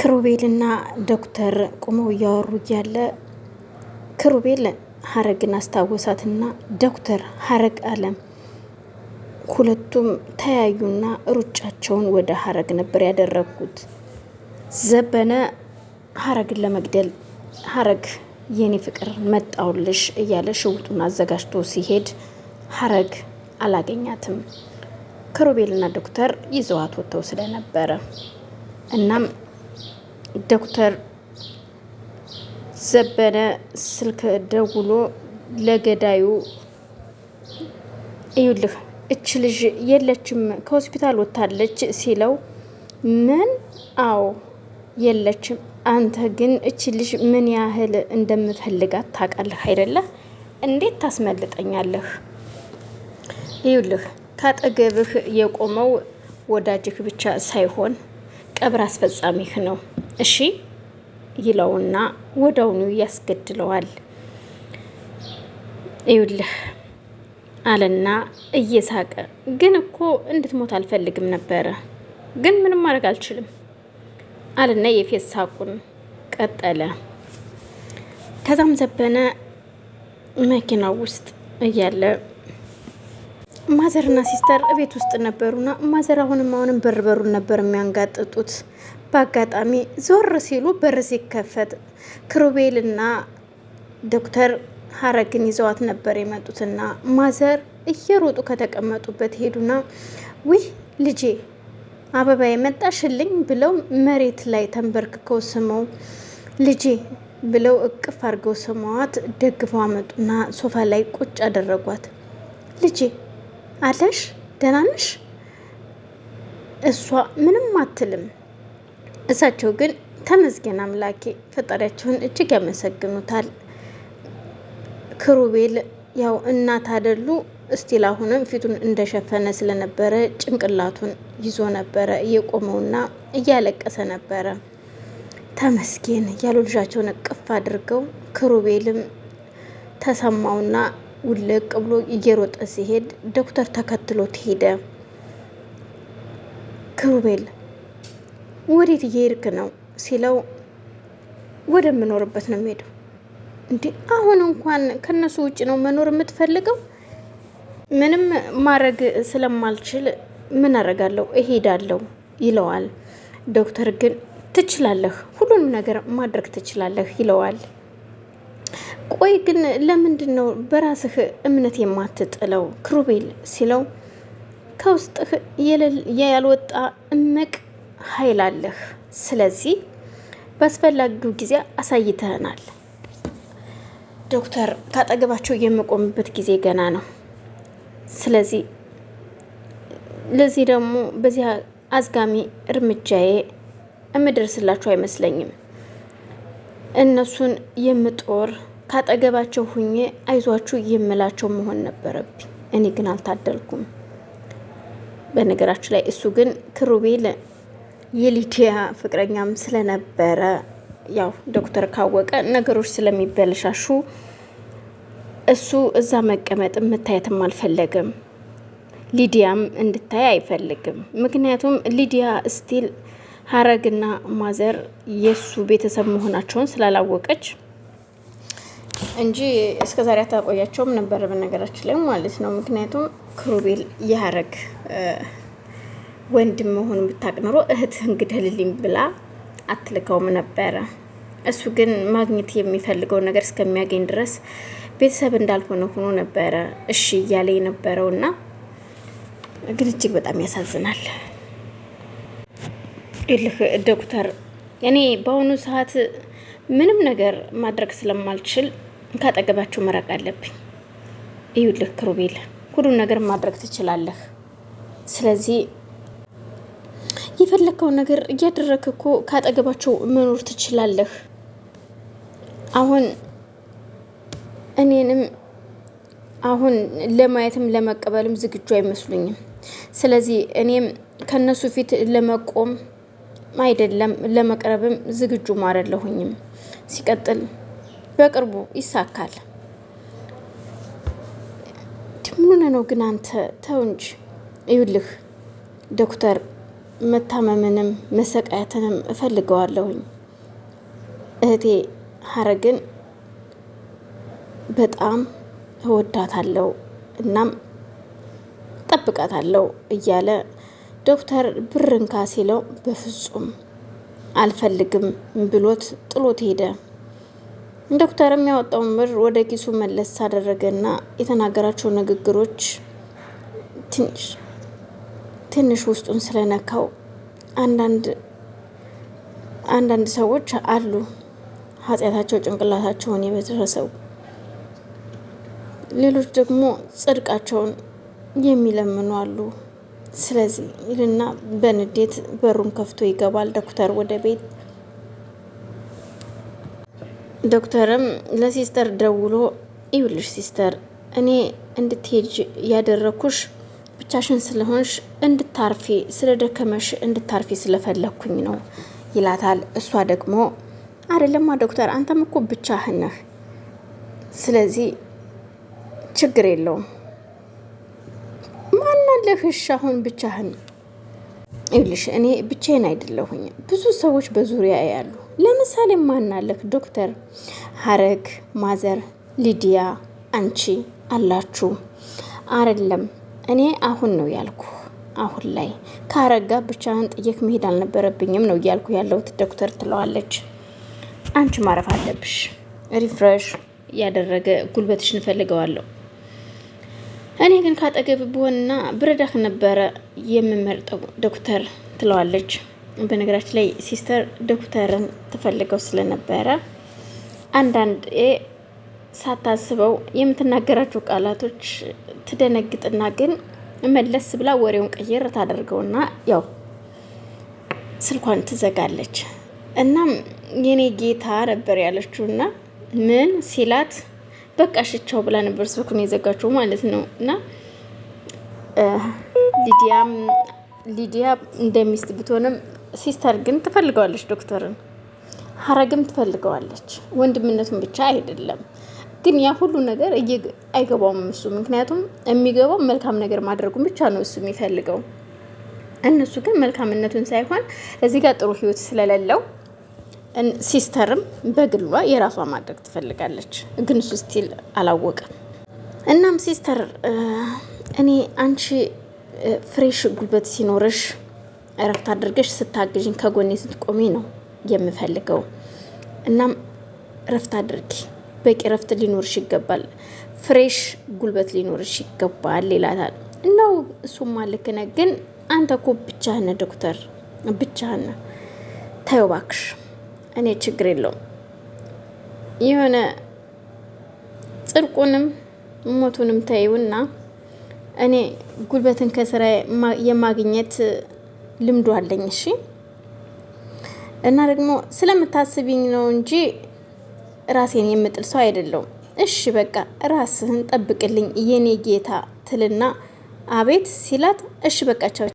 ክሩቤልና ዶክተር ቁመው እያወሩ እያለ ክሩቤል ሀረግን አስታወሳትና ዶክተር ሀረግ አለ። ሁለቱም ተያዩና ሩጫቸውን ወደ ሀረግ ነበር ያደረጉት። ዘበነ ሀረግን ለመግደል ሀረግ የኔ ፍቅር መጣውልሽ እያለ ሽውጡን አዘጋጅቶ ሲሄድ ሀረግ አላገኛትም። ክሩቤልና ዶክተር ይዘዋት ወጥተው ስለነበረ እናም ዶክተር ዘበነ ስልክ ደውሎ ለገዳዩ እዩልህ እች ልጅ የለችም ከሆስፒታል ወታለች ሲለው፣ ምን? አዎ የለችም። አንተ ግን እች ልጅ ምን ያህል እንደምፈልጋት ታውቃለህ አይደለ? እንዴት ታስመልጠኛለህ? እዩልህ፣ ካጠገብህ የቆመው ወዳጅህ ብቻ ሳይሆን ቀብር አስፈጻሚህ ነው እሺ ይለውና ወደውኑ ያስገድለዋል። ይውልህ አለና እየሳቀ ግን እኮ እንድትሞት አልፈልግም ነበረ፣ ግን ምንም ማድረግ አልችልም አለና የፌስ ሳቁን ቀጠለ። ከዛም ዘበነ መኪናው ውስጥ እያለ ማዘርና ሲስተር ቤት ውስጥ ነበሩና ማዘር አሁንም አሁንም በር በሩን ነበር የሚያንጋጥጡት። በአጋጣሚ ዞር ሲሉ በር ሲከፈት ክሩቤልና ዶክተር ሀረግን ይዘዋት ነበር የመጡትና ማዘር እየሮጡ ከተቀመጡበት ሄዱና ውይ ልጄ አበባ የመጣሽልኝ ብለው መሬት ላይ ተንበርክከው ስመው ልጄ ብለው እቅፍ አድርገው ስመዋት ደግፈው አመጡና ሶፋ ላይ ቁጭ አደረጓት ልጄ አለሽ? ደህና ነሽ? እሷ ምንም አትልም። እሳቸው ግን ተመስገን አምላኬ ፈጣሪያቸውን እጅግ ያመሰግኑታል። ክሩቤል ያው እናት አደሉ እስቲል አሁንም ፊቱን እንደሸፈነ ስለነበረ ጭንቅላቱን ይዞ ነበረ እየቆመውና እያለቀሰ ነበረ። ተመስገን ያሉ ልጃቸውን እቅፍ አድርገው ክሩቤልም ተሰማውና ውልቅ ብሎ እየሮጠ ሲሄድ ዶክተር ተከትሎት ሄደ። ክሩቤል ወዴት እየሄድክ ነው ሲለው ወደምኖርበት ነው የሚሄደው። እንዴ አሁን እንኳን ከነሱ ውጭ ነው መኖር የምትፈልገው? ምንም ማድረግ ስለማልችል ምን አደርጋለሁ እሄዳለሁ ይለዋል። ዶክተር ግን ትችላለህ፣ ሁሉንም ነገር ማድረግ ትችላለህ ይለዋል። ቆይ ግን ለምንድን ነው በራስህ እምነት የማትጥለው ክሩቤል ሲለው ከውስጥህ ያልወጣ እምቅ ኃይል አለህ። ስለዚህ በአስፈላጊው ጊዜ አሳይተህናል። ዶክተር ካጠገባቸው የምቆምበት ጊዜ ገና ነው። ስለዚህ ለዚህ ደግሞ በዚያ አዝጋሚ እርምጃዬ የምደርስላችሁ አይመስለኝም። እነሱን የምጦር ካጠገባቸው ሁኜ አይዟችሁ የምላቸው መሆን ነበረብኝ። እኔ ግን አልታደልኩም። በነገራችሁ ላይ እሱ ግን ክሩቤል የሊዲያ ፍቅረኛም ስለነበረ ያው ዶክተር ካወቀ ነገሮች ስለሚበለሻሹ እሱ እዛ መቀመጥ መታየትም አልፈለግም። ሊዲያም እንድታይ አይፈልግም። ምክንያቱም ሊዲያ ስቲል ሀረግና ማዘር የእሱ ቤተሰብ መሆናቸውን ስላላወቀች እንጂ እስከ ዛሬ አታቆያቸውም ነበረ፣ በነገራችን ላይ ማለት ነው። ምክንያቱም ክሩቤል የሀረግ ወንድም መሆኑን ብታውቅ ኖሮ እህትህን ብላ አትልከውም ነበረ። እሱ ግን ማግኘት የሚፈልገው ነገር እስከሚያገኝ ድረስ ቤተሰብ እንዳልሆነ ሆኖ ነበረ እሺ እያለ የነበረውና ግን እጅግ በጣም ያሳዝናል። ይልህ ዶክተር፣ እኔ በአሁኑ ሰዓት ምንም ነገር ማድረግ ስለማልችል ካጠገባችሁ መራቅ አለብኝ። እዩልህ ክሩቤል፣ ሁሉን ነገር ማድረግ ትችላለህ። ስለዚህ የፈለግከው ነገር እያደረክ እኮ ካጠገባቸው መኖር ትችላለህ። አሁን እኔንም አሁን ለማየትም ለመቀበልም ዝግጁ አይመስሉኝም። ስለዚህ እኔም ከነሱ ፊት ለመቆም አይደለም ለመቅረብም ዝግጁም አይደለሁኝም። ሲቀጥል በቅርቡ ይሳካል። ምን ነው ግን አንተ? ተው እንጂ። ይኸውልህ ዶክተር፣ መታመምንም መሰቃየትንም እፈልገዋለሁኝ። እህቴ ሀረግን በጣም እወዳታለሁ እናም ጠብቃታለሁ እያለ ዶክተር ብር እንካ ሲለው በፍጹም አልፈልግም ብሎት ጥሎት ሄደ። ዶክተርም ያወጣውን ብር ወደ ኪሱ መለስ አደረገና የተናገራቸው ንግግሮች ትንሽ ትንሽ ውስጡን ስለነካው አንዳንድ ሰዎች አሉ ኃጢአታቸው ጭንቅላታቸውን የበደረሰው ሌሎች ደግሞ ጽድቃቸውን የሚለምኑ አሉ። ስለዚህ ይልና በንዴት በሩን ከፍቶ ይገባል። ዶክተር ወደ ቤት ዶክተርም ለሲስተር ደውሎ ይውልሽ ሲስተር እኔ እንድትሄጅ ያደረኩሽ ብቻሽን ስለሆንሽ እንድታርፊ ስለደከመሽ እንድታርፊ ስለፈለግኩኝ ነው ይላታል። እሷ ደግሞ አይደለማ ዶክተር አንተም እኮ ብቻህን ነህ፣ ስለዚህ ችግር የለውም ይኸውልህ እሺ አሁን ብቻህን ይኸውልሽ እኔ ብቻዬን አይደለሁኝ ብዙ ሰዎች በዙሪያ ያሉ ለምሳሌ ማናለክ ዶክተር ሀረግ ማዘር ሊዲያ አንቺ አላችሁ አይደለም እኔ አሁን ነው ያልኩ አሁን ላይ ከአረጋ ብቻህን ጥየክ መሄድ አልነበረብኝም ነው እያልኩ ያለሁት ዶክተር ትለዋለች አንቺ ማረፍ አለብሽ ሪፍረሽ ያደረገ ጉልበትሽ እንፈልገዋለሁ እኔ ግን ካጠገብ ብሆንና ብረዳህ ነበረ የምመርጠው ዶክተር ትለዋለች። በነገራችን ላይ ሲስተር ዶክተርን ትፈልገው ስለነበረ አንዳንዴ ሳታስበው የምትናገራቸው ቃላቶች ትደነግጥና ግን መለስ ብላ ወሬውን ቀየር ታደርገውና ያው ስልኳን ትዘጋለች። እናም የኔ ጌታ ነበር ያለችውና ምን ሲላት በቃ ሽቻው ብላ ነበር ስልኩን የዘጋቸው ማለት ነው። እና ሊዲያም ሊዲያ እንደ ሚስት ብትሆንም ሲስተር ግን ትፈልገዋለች ዶክተርን፣ ሀረግም ትፈልገዋለች። ወንድምነቱን ብቻ አይደለም ግን ያ ሁሉ ነገር አይገባውም እሱ። ምክንያቱም የሚገባው መልካም ነገር ማድረጉን ብቻ ነው እሱ የሚፈልገው። እነሱ ግን መልካምነቱን ሳይሆን እዚህ ጋር ጥሩ ህይወት ስለሌለው ሲስተርም በግሏ የራሷ ማድረግ ትፈልጋለች፣ ግን እሱ ስቲል አላወቀም። እናም ሲስተር እኔ አንቺ ፍሬሽ ጉልበት ሲኖርሽ እረፍት አድርገሽ ስታግዥኝ ከጎኔ ስትቆሚ ነው የምፈልገው። እናም እረፍት አድርጊ፣ በቂ እረፍት ሊኖርሽ ይገባል፣ ፍሬሽ ጉልበት ሊኖርሽ ይገባል ይላታል። እናው እሱማ ልክ ነህ፣ ግን አንተ እኮ ብቻህን ዶክተር ብቻህን ተይው እባክሽ እኔ ችግር የለውም። የሆነ ጽድቁንም ሞቱንም ታዩና እኔ ጉልበትን ከስራ የማግኘት ልምዱ አለኝ። እሺ እና ደግሞ ስለምታስቢኝ ነው እንጂ ራሴን የምጥል ሰው አይደለውም። እሺ በቃ ራስህን ጠብቅልኝ የኔ ጌታ ትልና አቤት ሲላት እሺ በቃቸው።